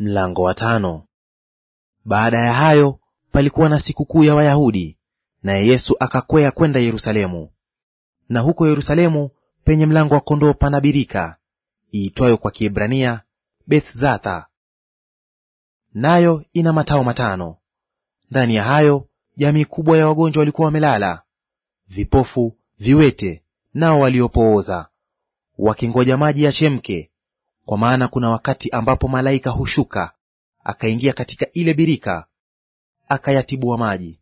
Mlango wa tano. Baada ya hayo palikuwa na sikukuu ya Wayahudi, naye Yesu akakwea kwenda Yerusalemu. Na huko Yerusalemu penye mlango wa kondoo pana birika iitwayo kwa Kiebrania Bethzatha, nayo ina matao matano. Ndani ya hayo jamii kubwa ya wagonjwa walikuwa wamelala, vipofu, viwete, nao waliopooza, wakingoja maji yachemke, kwa maana kuna wakati ambapo malaika hushuka akaingia katika ile birika akayatibua maji.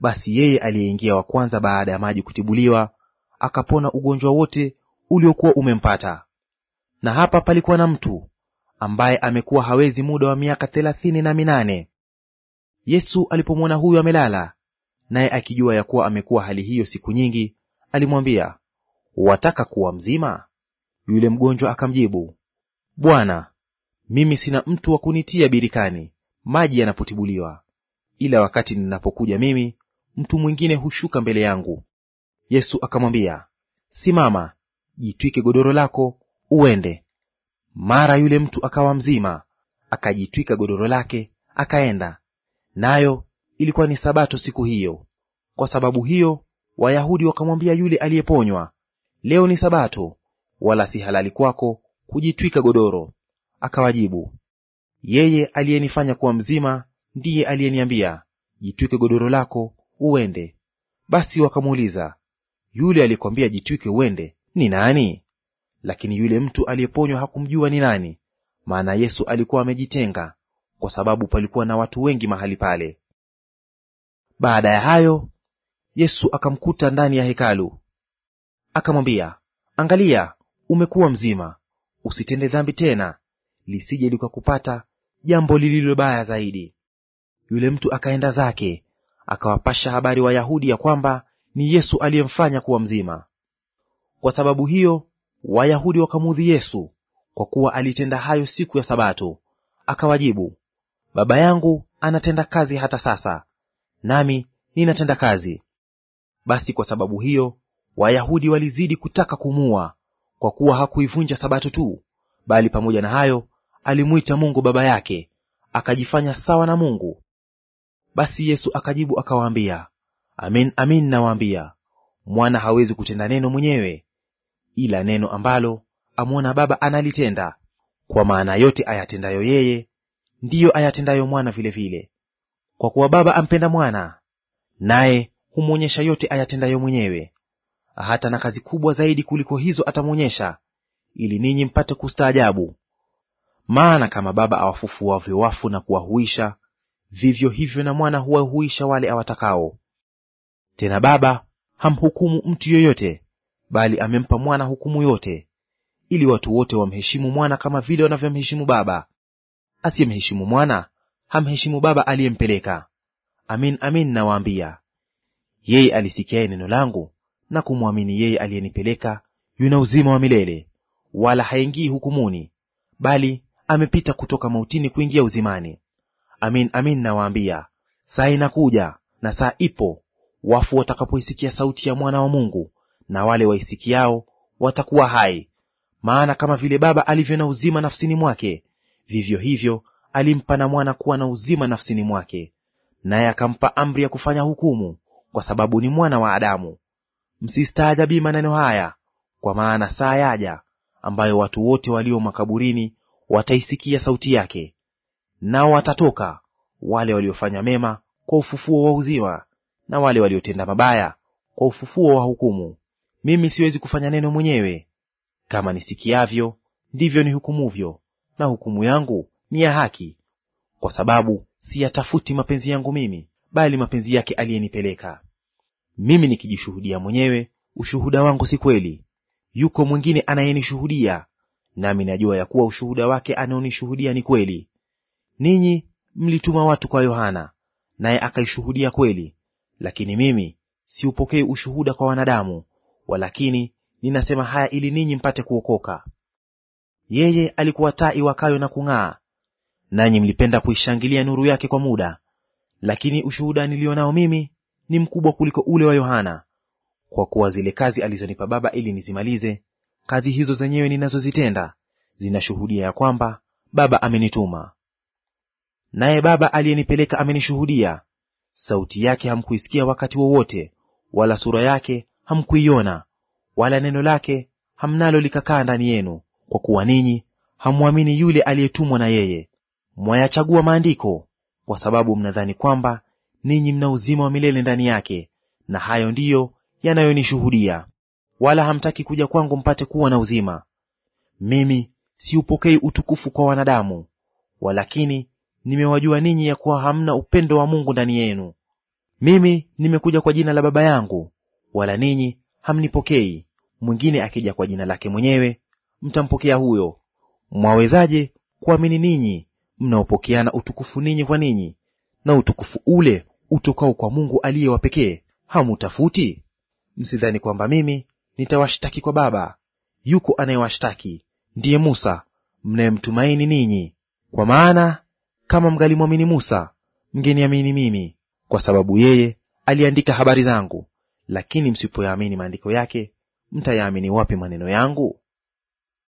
Basi yeye aliyeingia wa kwanza baada ya maji kutibuliwa akapona ugonjwa wote uliokuwa umempata. Na hapa palikuwa na mtu ambaye amekuwa hawezi muda wa miaka thelathini na minane. Yesu alipomwona huyu amelala, naye akijua ya kuwa amekuwa hali hiyo siku nyingi, alimwambia, wataka kuwa mzima? Yule mgonjwa akamjibu, Bwana, mimi sina mtu wa kunitia birikani maji yanapotibuliwa, ila wakati ninapokuja mimi, mtu mwingine hushuka mbele yangu. Yesu akamwambia, Simama, jitwike godoro lako uende. Mara yule mtu akawa mzima, akajitwika godoro lake akaenda. Nayo ilikuwa ni Sabato siku hiyo. Kwa sababu hiyo Wayahudi wakamwambia yule aliyeponywa, Leo ni Sabato, wala si halali kwako kujitwika godoro. Akawajibu, yeye aliyenifanya kuwa mzima ndiye aliyeniambia, jitwike godoro lako uende. Basi wakamuuliza, yule aliyekwambia jitwike uende ni nani? Lakini yule mtu aliyeponywa hakumjua ni nani, maana Yesu alikuwa amejitenga, kwa sababu palikuwa na watu wengi mahali pale. Baada ya hayo, Yesu akamkuta ndani ya hekalu, akamwambia, angalia, umekuwa mzima, usitende dhambi tena, lisije likakupata jambo lililo baya zaidi. Yule mtu akaenda zake akawapasha habari Wayahudi ya kwamba ni Yesu aliyemfanya kuwa mzima. Kwa sababu hiyo Wayahudi wakamudhi Yesu kwa kuwa alitenda hayo siku ya Sabato. Akawajibu, Baba yangu anatenda kazi hata sasa, nami ninatenda kazi. Basi kwa sababu hiyo Wayahudi walizidi kutaka kumua, kwa kuwa hakuivunja sabato tu, bali pamoja na hayo alimwita Mungu baba yake, akajifanya sawa na Mungu. Basi Yesu akajibu akawaambia, amin amin nawaambia, mwana hawezi kutenda neno mwenyewe, ila neno ambalo amwona Baba analitenda, kwa maana yote ayatendayo yeye ndiyo ayatendayo mwana vilevile, kwa kuwa Baba ampenda mwana, naye humwonyesha yote ayatendayo mwenyewe hata na kazi kubwa zaidi kuliko hizo atamwonyesha, ili ninyi mpate kustaajabu. Maana kama Baba awafufuavyo wafu na kuwahuisha, vivyo hivyo na Mwana huwahuisha wale awatakao. Tena Baba hamhukumu mtu yoyote, bali amempa Mwana hukumu yote, ili watu wote wamheshimu Mwana kama vile wanavyomheshimu Baba. Asiyemheshimu Mwana hamheshimu Baba aliyempeleka. Amin, amin nawaambia, yeye alisikiaye neno langu na kumwamini yeye aliyenipeleka yuna uzima wa milele, wala haingii hukumuni, bali amepita kutoka mautini kuingia uzimani. Amin, amin nawaambia, saa inakuja na saa ipo, wafu watakapoisikia sauti ya mwana wa Mungu, na wale waisikiao watakuwa hai. Maana kama vile Baba alivyo na uzima nafsini mwake, vivyo hivyo alimpa na mwana kuwa na uzima nafsini mwake, naye akampa amri ya kufanya hukumu, kwa sababu ni mwana wa Adamu msistaajabi maneno haya, kwa maana saa yaja ambayo watu wote walio makaburini wataisikia sauti yake, nao watatoka, wale waliofanya mema kwa ufufuo wa uzima, na wale waliotenda mabaya kwa ufufuo wa hukumu. Mimi siwezi kufanya neno mwenyewe; kama nisikiavyo, ndivyo nihukumuvyo, na hukumu yangu ni ya haki, kwa sababu siyatafuti mapenzi yangu mimi, bali mapenzi yake aliyenipeleka mimi nikijishuhudia mwenyewe, ushuhuda wangu si kweli. Yuko mwingine anayenishuhudia, nami najua ya kuwa ushuhuda wake anaonishuhudia ni kweli. Ninyi mlituma watu kwa Yohana, naye akaishuhudia kweli. Lakini mimi siupokei ushuhuda kwa wanadamu, walakini ninasema haya ili ninyi mpate kuokoka. Yeye alikuwa taa iwakayo na kung'aa, nanyi mlipenda kuishangilia nuru yake kwa muda. Lakini ushuhuda niliyo nao mimi ni mkubwa kuliko ule wa Yohana, kwa kuwa zile kazi alizonipa Baba ili nizimalize, kazi hizo zenyewe ninazozitenda zinashuhudia ya kwamba Baba amenituma. Naye Baba aliyenipeleka amenishuhudia. Sauti yake hamkuisikia wakati wowote, wala sura yake hamkuiona, wala neno lake hamnalo likakaa ndani yenu, kwa kuwa ninyi hamwamini yule aliyetumwa na yeye. Mwayachagua maandiko kwa sababu mnadhani kwamba ninyi mna uzima wa milele ndani yake, na hayo ndiyo yanayonishuhudia. Wala hamtaki kuja kwangu mpate kuwa na uzima. Mimi siupokei utukufu kwa wanadamu, walakini nimewajua ninyi ya kuwa hamna upendo wa Mungu ndani yenu. Mimi nimekuja kwa jina la Baba yangu, wala ninyi hamnipokei; mwingine akija kwa jina lake mwenyewe mtampokea huyo. Mwawezaje kuamini ninyi mnaopokeana utukufu ninyi kwa ninyi, na utukufu ule utokao kwa Mungu aliye wa pekee hamutafuti? Msidhani kwamba mimi nitawashtaki kwa Baba. Yuko anayewashtaki ndiye Musa, mnayemtumaini ninyi. Kwa maana kama mgalimwamini Musa, mngeniamini mimi, kwa sababu yeye aliandika habari zangu. Lakini msipoyaamini maandiko yake, mtayaamini wapi maneno yangu?